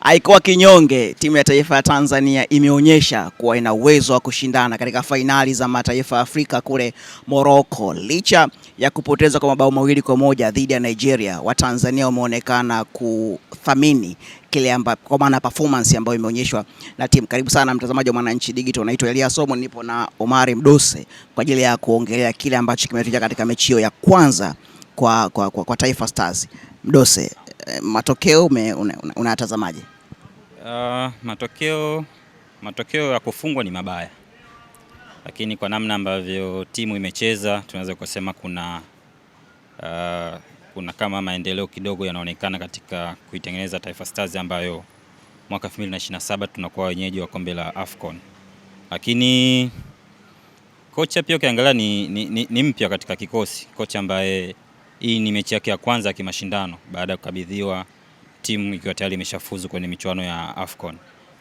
Haikuwa kinyonge, timu ya taifa ya Tanzania imeonyesha kuwa ina uwezo wa kushindana katika fainali za mataifa ya Afrika kule Morocco. Licha ya kupoteza kwa mabao mawili kwa moja dhidi ya Nigeria, Watanzania wameonekana kuthamini kile amba, kwa maana performance ambayo imeonyeshwa na timu. Karibu sana mtazamaji wa Mwananchi Digital, naitwa Elia Somo, nipo na Omari Mdose kwa ajili ya kuongelea kile ambacho kimetokea katika mechi hiyo ya kwanza kwa, kwa, kwa, kwa Taifa Stars. Mdose, eh, matokeo unayatazamaje? una Uh, matokeo, matokeo ya kufungwa ni mabaya, lakini kwa namna ambavyo timu imecheza tunaweza kusema kuna uh, kuna kama maendeleo kidogo yanaonekana katika kuitengeneza Taifa Stars ambayo mwaka 2027 tunakuwa wenyeji wa kombe la Afcon, lakini kocha pia ukiangalia ni, ni, ni, ni mpya katika kikosi, kocha ambaye hii ni mechi yake ya kwanza ya kimashindano baada ya kukabidhiwa timu ikiwa tayari imeshafuzu kwenye michuano ya AFCON.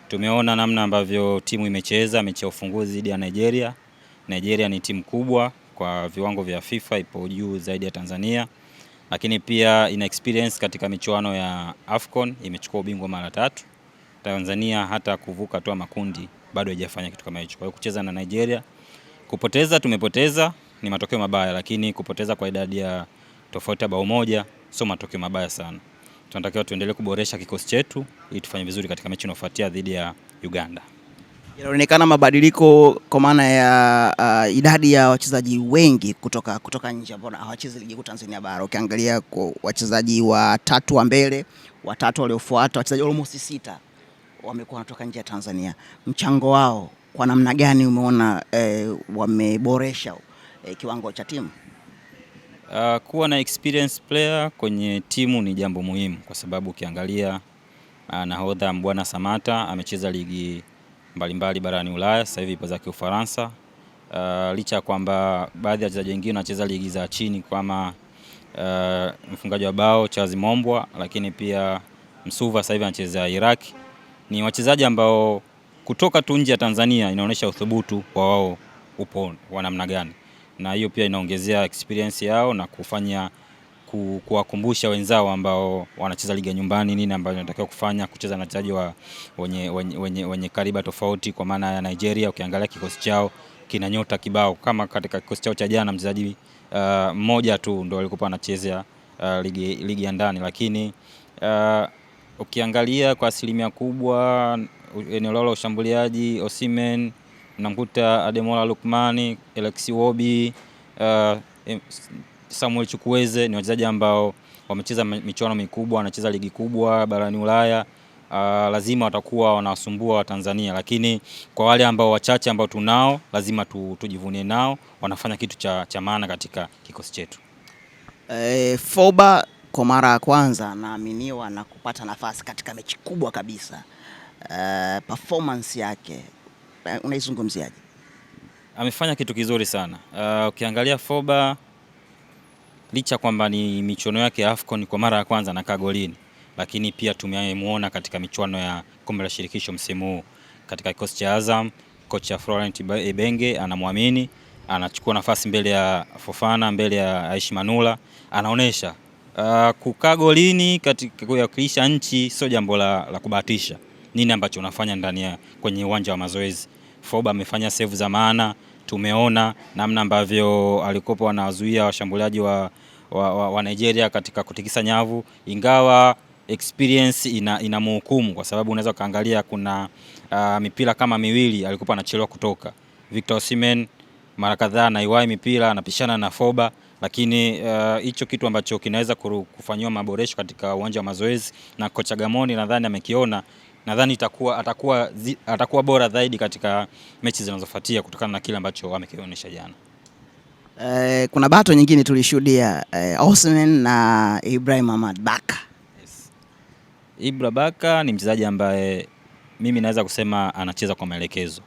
Tumeona namna ambavyo timu imecheza mechi ya ufunguzi dhidi ya Nigeria. Nigeria ni timu kubwa kwa viwango vya FIFA, ipo juu zaidi ya Tanzania, lakini pia ina experience katika michuano ya AFCON, imechukua ubingwa mara tatu. Tanzania hata kuvuka toa makundi bado haijafanya kitu kama hicho. Kwa hiyo kucheza na Nigeria, kupoteza, tumepoteza ni matokeo mabaya, lakini kupoteza kwa idadi ya tofauti ya bao moja sio matokeo mabaya sana tunatakiwa tuendelee kuboresha kikosi chetu ili tufanye vizuri katika mechi inayofuatia dhidi ya Uganda. Inaonekana mabadiliko kwa maana ya uh, idadi ya wachezaji wengi kutoka, kutoka nje ambao hawachezi ligi kuu Tanzania bara. Ukiangalia kwa wachezaji watatu wa mbele, watatu waliofuata, wachezaji almost sita wamekuwa wanatoka nje ya Tanzania. Mchango wao kwa namna gani umeona eh, wameboresha eh, kiwango cha timu? Uh, kuwa na experience player kwenye timu ni jambo muhimu kwa sababu ukiangalia uh, nahodha Mbwana Samata amecheza ligi mbalimbali barani Ulaya, sasa hivi ipo zake Uh, licha ya kwamba baadhi ya wachezaji wengine wanacheza ligi za chini kama uh, mfungaji wa bao Charles Mombwa, lakini pia Msuva sasa hivi anacheza iraq Ni wachezaji ambao kutoka tu nje ya Tanzania inaonyesha uthubutu wa wao upo wa namna gani na hiyo pia inaongezea experience yao na kufanya kuwakumbusha wenzao ambao wanacheza ligi ya nyumbani nini ambayo inatakiwa kufanya, kucheza na wachezaji wa, wenye, wenye, wenye, wenye kariba tofauti. Kwa maana ya Nigeria, ukiangalia kikosi chao kina nyota kibao, kama katika kikosi chao cha jana mchezaji uh, mmoja tu ndo alikuwa anachezea uh, ligi, ligi ya ndani, lakini uh, ukiangalia kwa asilimia kubwa eneo lao la ushambuliaji Osimhen mnamkuta Ademola Lukmani, Alexi Wobi, uh, Samuel Chukwueze ni wachezaji ambao wamecheza michuano mikubwa, wanacheza ligi kubwa barani Ulaya. Uh, lazima watakuwa wanawasumbua Watanzania, lakini kwa wale ambao wachache ambao tunao lazima tu, tujivunie nao, wanafanya kitu cha, cha maana katika kikosi chetu. E, Foba kwa mara ya kwanza anaaminiwa na kupata nafasi katika mechi kubwa kabisa. E, performance yake Eh, unaizungumziaje? Amefanya kitu kizuri sana uh, ukiangalia Foba licha kwamba ni michuano yake ya AFCON kwa mara ya kwanza na kagolini, lakini pia tumemwona katika michuano ya kombe la shirikisho msimu huu katika kikosi cha Azam. Kocha Florent Ibenge anamwamini, anachukua nafasi mbele ya Fofana, mbele ya Aishi Manula, anaonesha uh, kukaa golini katika kuwakilisha nchi sio jambo la, la kubahatisha nini ambacho unafanya ndani ya kwenye uwanja wa mazoezi. Foba amefanya save za maana, tumeona namna ambavyo alikopo anawazuia washambuliaji wa, wa, wa, wa Nigeria katika kutikisa nyavu, ingawa experience ina, ina muhukumu kwa sababu unaweza ukaangalia kuna uh, mipira kama miwili alikuwa anachelewa kutoka Victor Osimhen mara kadhaa anaiwahi mipira anapishana na Foba lakini eh, hicho uh, kitu ambacho kinaweza kufanyiwa maboresho katika uwanja wa mazoezi na kocha Gamoni nadhani amekiona nadhani itakuwa atakuwa, atakuwa bora zaidi katika mechi zinazofuatia kutokana na kile ambacho amekionyesha jana. Eh, kuna bato nyingine tulishuhudia eh, Osman na Ibrahim Ahmad Baka. Yes. Ibra Baka ni mchezaji ambaye mimi naweza kusema anacheza kwa maelekezo.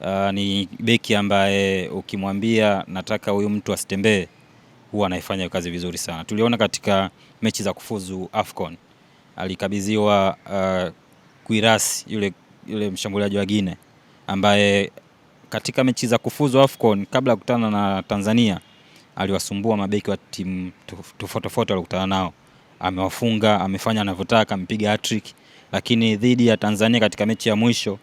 Uh, ni beki ambaye ukimwambia nataka huyu mtu asitembee huwa anaifanya kazi vizuri sana. Tuliona katika mechi za kufuzu AFCON alikabidhiwa uh, Kuirasi yule, yule mshambuliaji wa Gine ambaye katika mechi za kufuzu AFCON kabla ya kukutana na Tanzania aliwasumbua mabeki wa timu tofauti tofauti waliokutana nao, amewafunga, amefanya anavyotaka, amepiga hattrick, lakini dhidi ya Tanzania katika mechi ya mwisho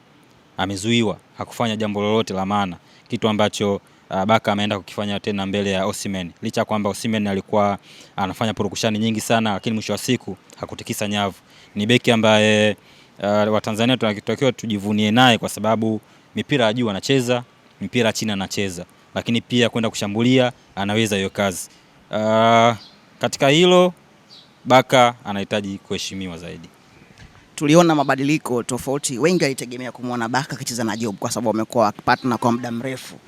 amezuiwa, hakufanya jambo lolote la maana, kitu ambacho uh, Baka ameenda kukifanya tena mbele ya Osimhen, licha kwamba Osimhen alikuwa anafanya purukushani nyingi sana, lakini mwisho wa siku hakutikisa nyavu. Ni beki ambaye uh, ah, Watanzania tunatakiwa tujivunie naye kwa sababu mipira ya juu anacheza, mipira chini anacheza, lakini pia kwenda kushambulia anaweza hiyo kazi. Uh, katika hilo Baka anahitaji kuheshimiwa zaidi. Tuliona mabadiliko tofauti, wengi walitegemea kumwona Baka akicheza na Job kwa sababu wamekuwa partner kwa muda mrefu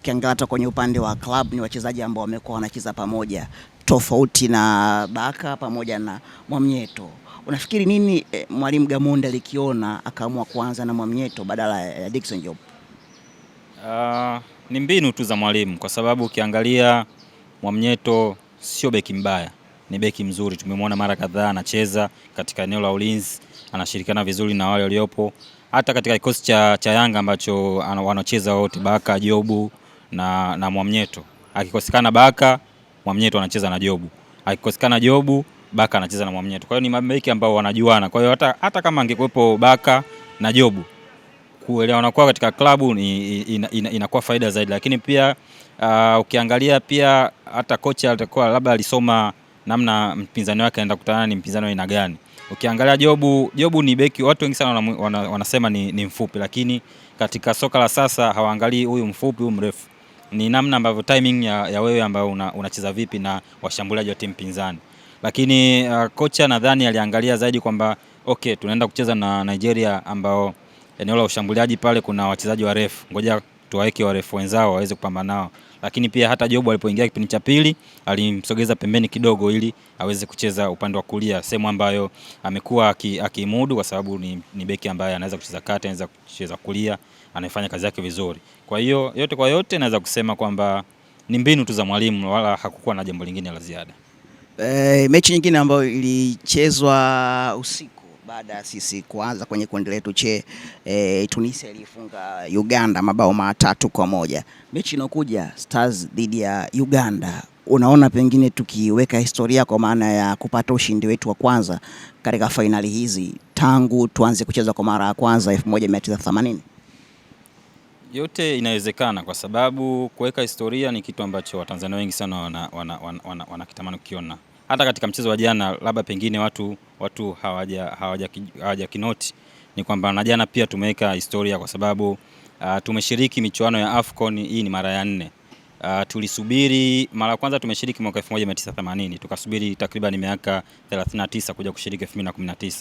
ukiangalia hata kwenye upande wa club ni wachezaji ambao wamekuwa wanacheza pamoja tofauti na Baka pamoja na Mwamnyeto. Unafikiri nini eh, mwalimu Gamonde alikiona akaamua kuanza na Mwamnyeto badala ya eh, Dickson Job? Uh, ah, ni mbinu tu za mwalimu kwa sababu ukiangalia Mwamnyeto sio beki mbaya, ni beki mzuri, tumemwona mara kadhaa anacheza katika eneo la ulinzi, anashirikiana vizuri na wale waliopo, hata katika kikosi cha, cha Yanga ambacho wanaocheza wote Baka, Jobu na, na Mwamnyeto. Akikosekana Baka, Mwamnyeto anacheza na Jobu. Akikosekana Jobu, Baka anacheza na Mwamnyeto. Kwa hiyo ni mabeki ambao wanajuana. Kwa hiyo hata, hata kama angekuwepo Baka na Jobu kuelewana kwao katika klabu ni inakuwa ina, ina faida zaidi, lakini pia uh, ukiangalia pia hata kocha atakuwa labda alisoma namna mpinzani wake anaenda kukutana ni mpinzani wa aina gani. Ukiangalia Jobu, Jobu ni beki, watu wengi sana wanasema ni, ni mfupi, lakini katika soka la sasa hawaangalii huyu mfupi huyu mrefu, ni namna ambavyo timing ya, ya wewe ambayo unacheza una vipi na washambuliaji wa timu pinzani, lakini uh, kocha nadhani aliangalia zaidi kwamba okay, tunaenda kucheza na Nigeria ambao eneo la ushambuliaji pale kuna wachezaji warefu, ngoja tuwaweke warefu wenzao waweze kupambana nao, lakini pia hata Jobu alipoingia kipindi cha pili alimsogeza pembeni kidogo, ili aweze kucheza upande wa kulia, sehemu ambayo amekuwa akimudu, kwa sababu ni, ni beki ambaye anaweza kucheza kati, anaweza kucheza kulia anafanya kazi yake vizuri. Kwa hiyo yote kwa yote naweza kusema kwamba ni mbinu tu za mwalimu, wala hakukuwa na jambo lingine la ziada. E, mechi nyingine ambayo ilichezwa usiku baada ya sisi kuanza kwenye kundi letu che e, Tunisia ilifunga Uganda mabao matatu kwa moja. Mechi inokuja Stars dhidi ya Uganda, unaona pengine tukiweka historia kwa maana ya kupata ushindi wetu wa kwanza katika fainali hizi tangu tuanze kucheza kwa mara ya kwanza 1980? Yote inawezekana kwa sababu kuweka historia ni kitu ambacho Watanzania wengi sana wanakitamani wana, wana, wana, wana kukiona. Hata katika mchezo wa jana labda pengine watu, watu hawaja hawaja hawaja kinoti ni kwamba na jana pia tumeweka historia kwa sababu uh, tumeshiriki michuano ya Afcon, hii ni mara ya nne. Uh, tulisubiri mara kwanza tumeshiriki mwaka 1980 tukasubiri takriban miaka 39 kuja kushiriki 2019,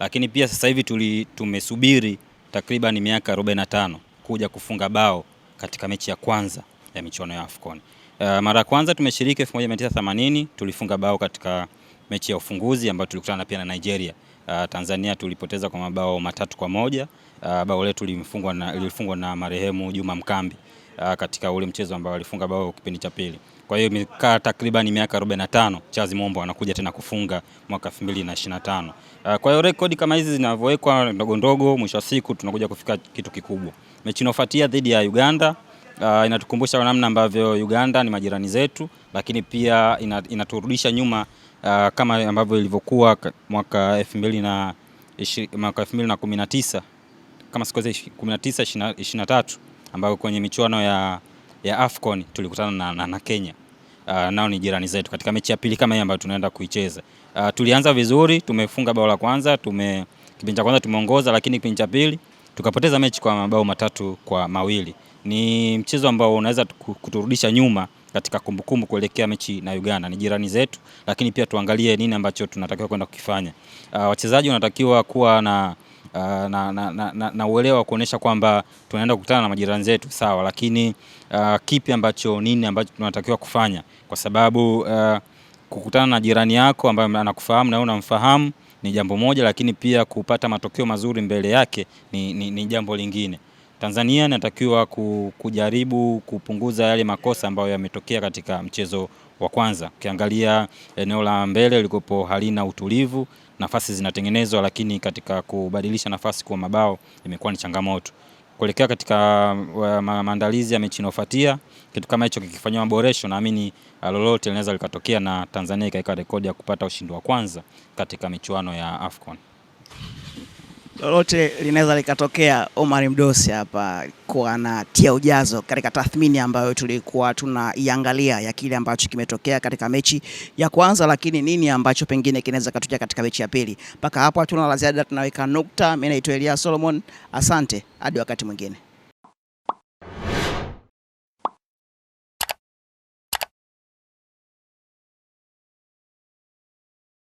lakini pia sasa hivi tumesubiri takriban miaka 45 kuja kufunga bao katika mechi ya kwanza ya michuano ya AFCON. Uh, mara ya kwanza tumeshiriki 1980 tulifunga bao katika mechi ya ufunguzi ambayo tulikutana pia na Nigeria. Uh, Tanzania tulipoteza kwa mabao matatu kwa moja. Uh, bao letu lilifungwa na, lilifungwa na marehemu Juma Mkambi uh, katika ule mchezo ambao alifunga bao kipindi cha pili. Kwa hiyo imekaa takriban miaka 45 Charles Mombo anakuja tena kufunga mwaka 2025. Uh, kwa hiyo rekodi kama hizi zinavyowekwa ndogo ndogo, mwisho wa siku tunakuja kufika kitu kikubwa. Mechi inayofuatia dhidi ya Uganda uh, inatukumbusha namna ambavyo Uganda ni majirani zetu, lakini pia inaturudisha nyuma uh, kama ambavyo ilivyokuwa mwaka mwaka 2019 kama sikose 19 23 ambayo kwenye michuano ya, ya Afcon tulikutana na, na, na Kenya. Uh, nao ni jirani zetu katika mechi ya pili kama hii ambayo tunaenda kuicheza. Uh, tulianza vizuri, tumefunga bao la kwanza, tume kipindi cha kwanza tumeongoza, lakini kipindi cha pili tukapoteza mechi kwa mabao matatu kwa mawili. Ni mchezo ambao unaweza kuturudisha nyuma katika kumbukumbu kuelekea mechi na Uganda, ni jirani zetu, lakini pia tuangalie nini ambacho tunatakiwa kwenda kukifanya. Uh, wachezaji wanatakiwa kuwa na Uh, na, na, na, na uelewa wa kuonyesha kwamba tunaenda kukutana na majirani zetu sawa, lakini uh, kipi ambacho nini ambacho tunatakiwa kufanya, kwa sababu uh, kukutana na jirani yako ambaye anakufahamu na wewe unamfahamu ni jambo moja, lakini pia kupata matokeo mazuri mbele yake ni, ni, ni jambo lingine. Tanzania inatakiwa kujaribu kupunguza yale makosa ambayo yametokea katika mchezo wa kwanza. Ukiangalia eneo la mbele lilikopo halina utulivu, nafasi zinatengenezwa, lakini katika kubadilisha nafasi kwa mabao imekuwa ni changamoto kuelekea katika maandalizi ya mechi inayofuatia, kitu kama hicho kikifanywa maboresho, naamini ah, lolote linaweza likatokea na Tanzania ikaweka rekodi ya kupata ushindi wa kwanza katika michuano ya AFCON lolote linaweza likatokea. Omar Mdosi hapa kwa tia ujazo katika tathmini ambayo tulikuwa tunaiangalia ya kile ambacho kimetokea katika mechi ya kwanza, lakini nini ambacho pengine kinaweza katuja katika mechi ya pili. Mpaka hapo hatuna la ziada, tunaweka nukta. Mimi naitwa Elia Solomon, asante hadi wakati mwingine.